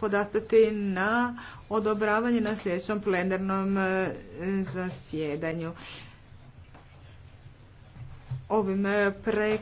podastati na odobravanje na sljedećem plenarnom e, zasjedanju. Ovim e, pre